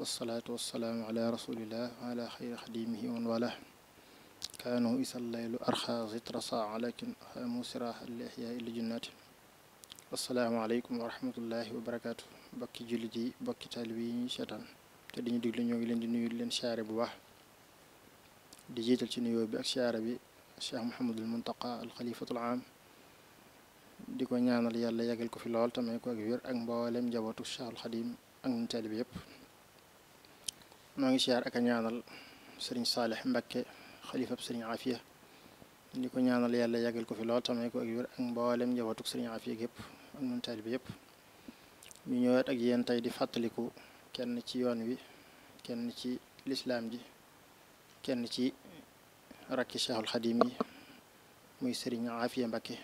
wasalaatu wasalaamu ala rasulillah wa kaanu isal laylu arxa zitra saa lakin xamu siraha li axyaa illi junnaati assalaamu aleykum wa barakaatu bokki jullit yi bokki taalibe yi ñu seetaan te dañu diglu ñoo ngi leen di nuyu leen siyaare bu baax di jiital ci nuyoo bi ak siyaare bi cheikh Mouhamadul Muntaqa al xalifatul aam di ko ñaanal yàlla yàggal ko fi lool tamay ko ak wér ak mboolem njabootu Cheikhul ak ñu taalibe noo ngi siyaar ak a ñaanal sëriñ Saalix Mbakke xalifa sëriñ Afiya di ko ñaanal yàlla yàggal ko fi lool tamay ko ak wér ak mboolem njabootuk sëriñ Afiya gépp ak bi yëpp ñu ñëwaat ak di fàttaliku kenn ci yoon wi kenn ci lislaam ji kenn ci rakki Cheikhul Xadim yi muy sëriñ Afiya Mbakke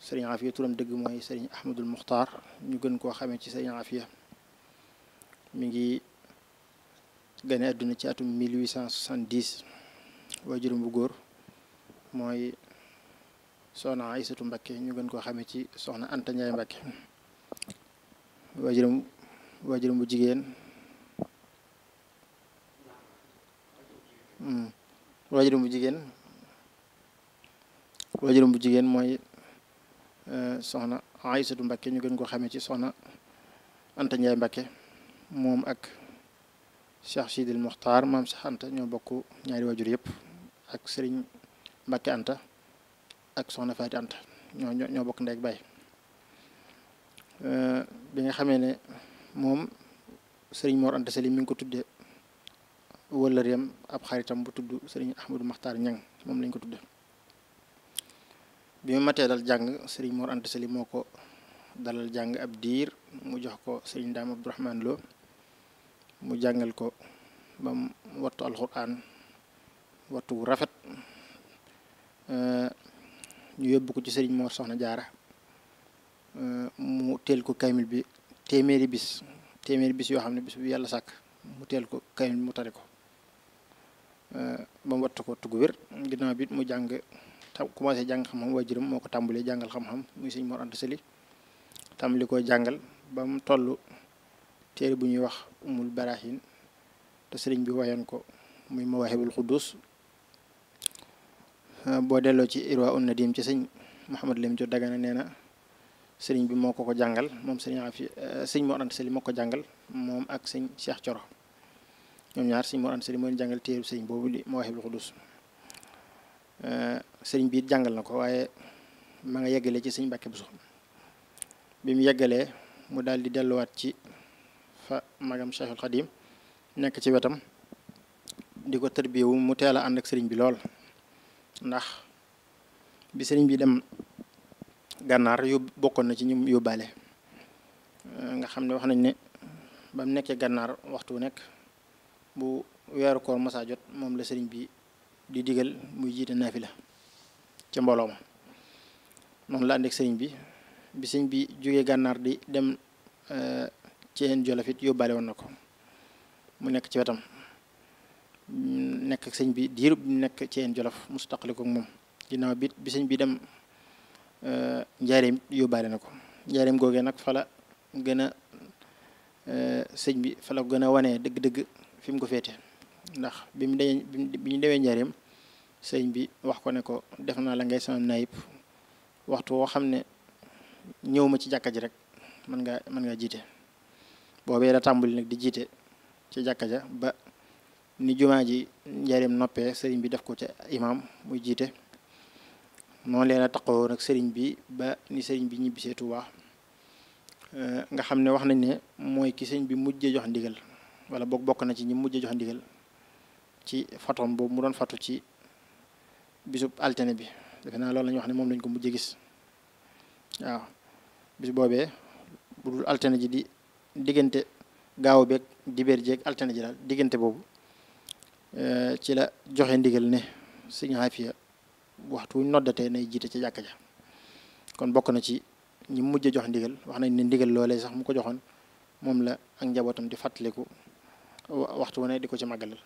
sëriñ Afiya turam dëgg mooy sëriñ Ahmadul Muxtaar ñu gën koo xamee ci sëriñ Afiya mi ngi gane àdduna ci atum 1870 waajuram bu góor mooy soxna Aysatu Mbakke ñu gën koo xamee ci soxna Anta Njaay Mbakke waajuram waajuram jigéen hmm. waajuram bu jigéen waajuram bu jigéen mooy eh, soxna Aysatu Mbakke ñu gën koo xamee ci soxna Anta Njaay Mbakke moom ak Cheikh Sidil Muxtaar maam Cheikh Anta ñoo bokk ñaari waajur yëpp ak sëriñ Mbacke Anta ak soxna Faati Anta ñoo bokk ndey ak baay euh, bi nga xamee ne moom sëriñ Mor Anta Sali mi ngi ko tudde wëllëreem ab xaritam bu tudd sëriñ Ahmadou Maxtaar Ñang moom lañ ko tudde bi mu matee dal jàng sëriñ Mor Anta Sali moo ko dalal jàng ab diir mu jox ko sëriñ Daam Abdourahmane Lo mu jàngal ko ba mu wattu alxuraan wattu wu rafet eh, ñu yóbbu ko ci sëriñ Mor Soxna Jaara eh, mu teel ko kaymil bi téeméeri bis téeméeri bis yoo xam ne bis bu yàlla sàkk mu teel ko kaymil mu tari ko eh, ba mu wattu ko tugg wér ginnaaw bi mu jàng tam commencé jàng xam-xam waajuram moo ko tàmbalee jàngal xam-xam muy sëriñ Mor Anta Sali tàmbali ko jàngal ba mu téere bu ñuy wax umul baraxin te sëriñ bi wayoon ko muy mawaahibul quddus ah, boo delloo ci irwa un nadim ci sëñ Mouhamad Lim jo Dagana nee na sëriñ bi moo ko ko jàngal moom sëriñ Afi ah, sëñ Mor Anta Sali moo ko jàngal moom ak sëñ Cheikh Coro ñoom ñaar sëñ Mor Anta moo leen jàngal téere sëriñ boobu di mawaahibul quddus ah, sëriñ bi jàngal na ko waaye maa nga yeggale ci sëñ Mbàkke Buso bi mu yeggalee mu daal di delluwaat ci fa magam Cheikhul Khadim nekk ci wetam di ko tërbiyewu mu teel a ànd sëriñ bi lool ndax bi sëriñ bi dem gànnaar yu bokkoon na ci ñum yóbbaale nga xam ne wax nañ ne ba mu nekkee gànnaar waxtu nekk bu weeru koor masa jot moom la sëriñ bi di diggal muy jiite naafila ca mbooloo ma noonu la ànd ak sëriñ bi bi sëriñ bi jógee gànnaar di dem eh, ci yéen jolof it yóbbaale woon na ko mu nekk ci wetam nekk sëñ bi diirub nekk ci yéen jolof mosu taqali ko moom ginnaaw bi bi sëñ bi dem eh, njaareem yóbbaale na ko njaareem googee nag fala gën a eh, sëñ bi fala gën a wanee dëgg-dëgg fi ko feete ndax bi mu dañee bi ñu demee njaareem sëñ bi wax ko ne ko def naa la ngay sama naayib waxtu woo xam ne ñëw ma ci jàkka ji rek mën nga mën ngaa jiite boobee la tàmbali nag di jiite ca jàkka ja ba ni jumaa ji njariñ noppee sëriñ bi def ko ca imaam muy jiite noonu leen a taqoo nag sëriñ bi ba ni sëriñ bi ñibbisee Tuubaa eh, nga xam ne wax nañ ne mooy ki sëriñ bi mujjee jox ndigal wala boog bokk na ci ñi mujjee jox ndigal ci fatoom boobu mu doon fatu ci bisub altine bi defe naa loolu la wax ne moom lañ ko mujjee gis waaw bis boobee bu dul altine ji di diggante gaaw beeg dibéer jeeg altine ji daal diggante boobu euh, ci la joxe ndigal ne sëñ Xaafiya waxtu wuñ noddatee nay jiite ci jàkka ja kon bokk na ci ñi mujj a jox ndigal wax nañ ne ndigal loolee sax mu ko joxoon moom la ak njabootam di fàttaliku waxtu wu di ko ci màggalal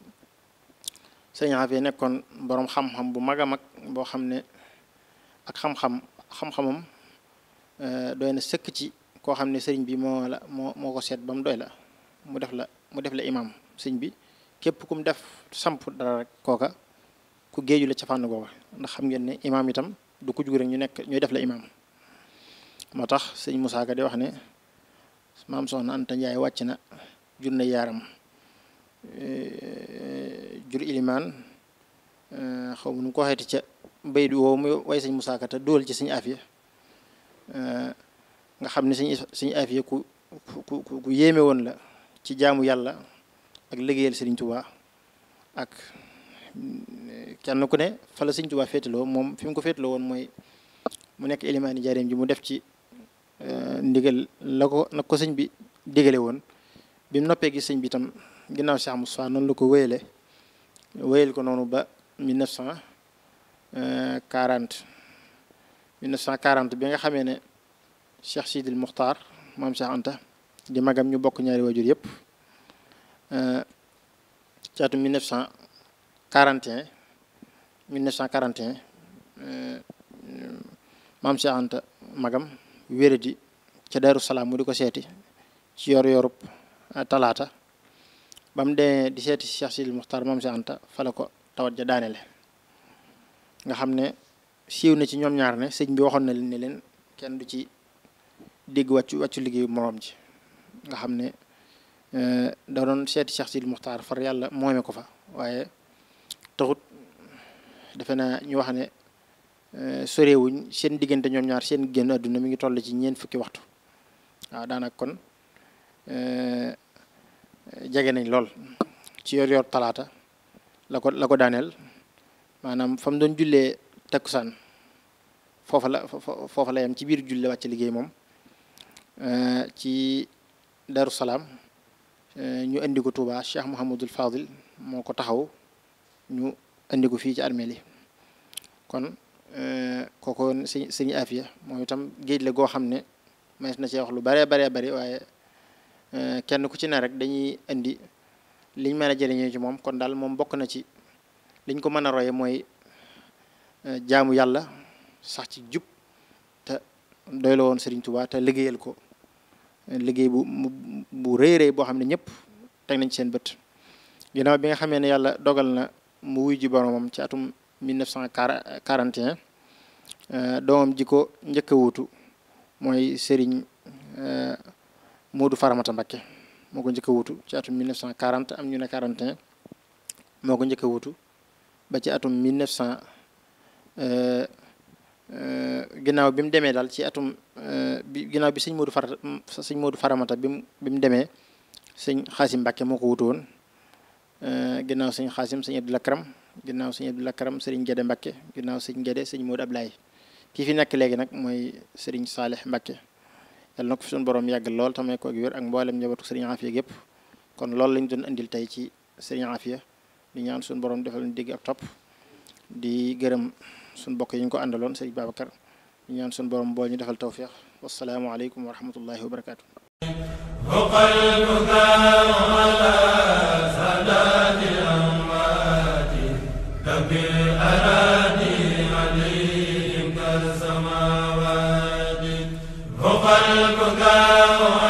sëñ Xaafiya nekkoon boroom xam-xam bu mag a mag boo xam ne ak xam-xam xam-xamam euh, doy na sëkk ci koo xam ne sëriñ bi moo la moo moo ko seet ba doy la mu def la mu def la imaam sëñ bi képp kum def samp dara rek kooka ku géeju la ca fànn googa ndax xam ngeen ne imaam itam du ko jug rek ñu nekk ñooy def la imaam moo tax sëñ Moussa Ka di wax ne maam soxna Anta Njaay wàcc na jur na yaaram eh, jur ilimaan eh, xaw ma nu ko waxeeti ca bay du woow muy way sëñ Moussa Ka te duwal ci sëñ Afiya eh, nga xam ne suñu suñu afiya ku ku ku yéeme woon la ci jaamu yàlla ak liggéeyal Sëriñ Tuubaa ak mm, kenn ku ne fala la Sëriñ Tuubaa féetaloo moom fi mu ko féetaloo woon mooy mu nekk élimaani jaareem ji mu def ci euh, ndigal la ko nag ko sëñ bi digale woon bi mu noppee gi sëñ bi itam ginnaaw Cheikh Moussa noonu la ko wéyale wéyal ko noonu ba 1940 1940 euh, bi nga xamee ne Cheikh Sidil Muxtaar maam Cheikh di magam ñu bokk ñaari waajur yëpp eh, ci atum 1941 1941 eh, maam Cheikh magam wéradi ca Daaru Salaam di ko seeti ci yor yorub eh, talaata ba mu dee di seeti Cheikh Sidil Muxtaar maam Cheikh Anta ko tawat ja daanele nga xam ne siiw na ci ñoom ñaar ne sëñ bi waxoon na leen ne leen kenn du ci dégg wàccu wàccu liggéeyu moroom ji nga xam ne eh, da doon seeti Cheikh Sidi Muxtaar far yàlla moome ko fa waaye taxut defe na ñu wax ne eh, soreewuñ seen diggante ñoom ñaar seen génn àdduna mi ngi toll ci ñeent fukki waxtu waaw daanaka kon eh, jege nañ lool ci yor yor talaata la ko la ko daaneel maanaam fa mu doon jullee takkusaan foofa la foofa la yam ci biir julle wàcc liggéey moom Eh, ci Darou Salaam eh, ñu indi ko Touba Cheikh Mouhamadul Fadil moo ko taxaw ñu indi ko fii ci armeel yi kon eh, kooku si sëñ Afia moom itam géej la goo xam ne mais na cee wax lu bare bare bari waaye kenn ku ci ne rek dañuy indi liñ mën a jëriñoo ci moom kon daal moom bokk na ci liñ ko mën a roye mooy jaamu yàlla sax ci jub te doy woon Serigne Touba te liggéeyal ko. liggéey bu bu rëy rëy boo xam ne ñëpp teg nañ ci seen bët ginnaaw bi nga xamee ne yàlla dogal na mu wuy ji boromam ci atum 1941 euh, doom ji ko njëkk a wuutu mooy Serigne euh, Modou Faramata Mbakke moo ko njëkk a wuutu ci atum 1940 am ñu ne 41 moo ko njëkk a ba ci atum 1900 Euh, ginnaaw bi mu demee daal ci atum euh, bi ginnaaw bi sëñ Modou Far sëñ Modou Faramata bi mu bi mu demee sëñ Xaasim Mbàkke moo ko wutu woon euh, ginnaaw sëñ Xaasim sëñ Abdou Lakram ginnaaw sëñ Abdou Lakram sëriñ Gede Mbàkke ginnaaw sëñ Gede sëñ Modou Ablaye kii fi nekk léegi nag mooy sëriñ Saalix Mbàkke yàlla na ko fi suñu borom yàgg lool tamay ko ak wér ak mboolem njabootu sëriñ Afia yëpp kon loolu lañ doon indil tey ci sëriñ Afia di ñaan suñu borom defal ñu digg ak gërëm suñ bokk yi ñu ko àndaloon sëriñ Babacar ñu ñaan suñ borom bool ñu defal tawféex wassalaamu aleykum wa rahmatullahi wa barakaatu قلبك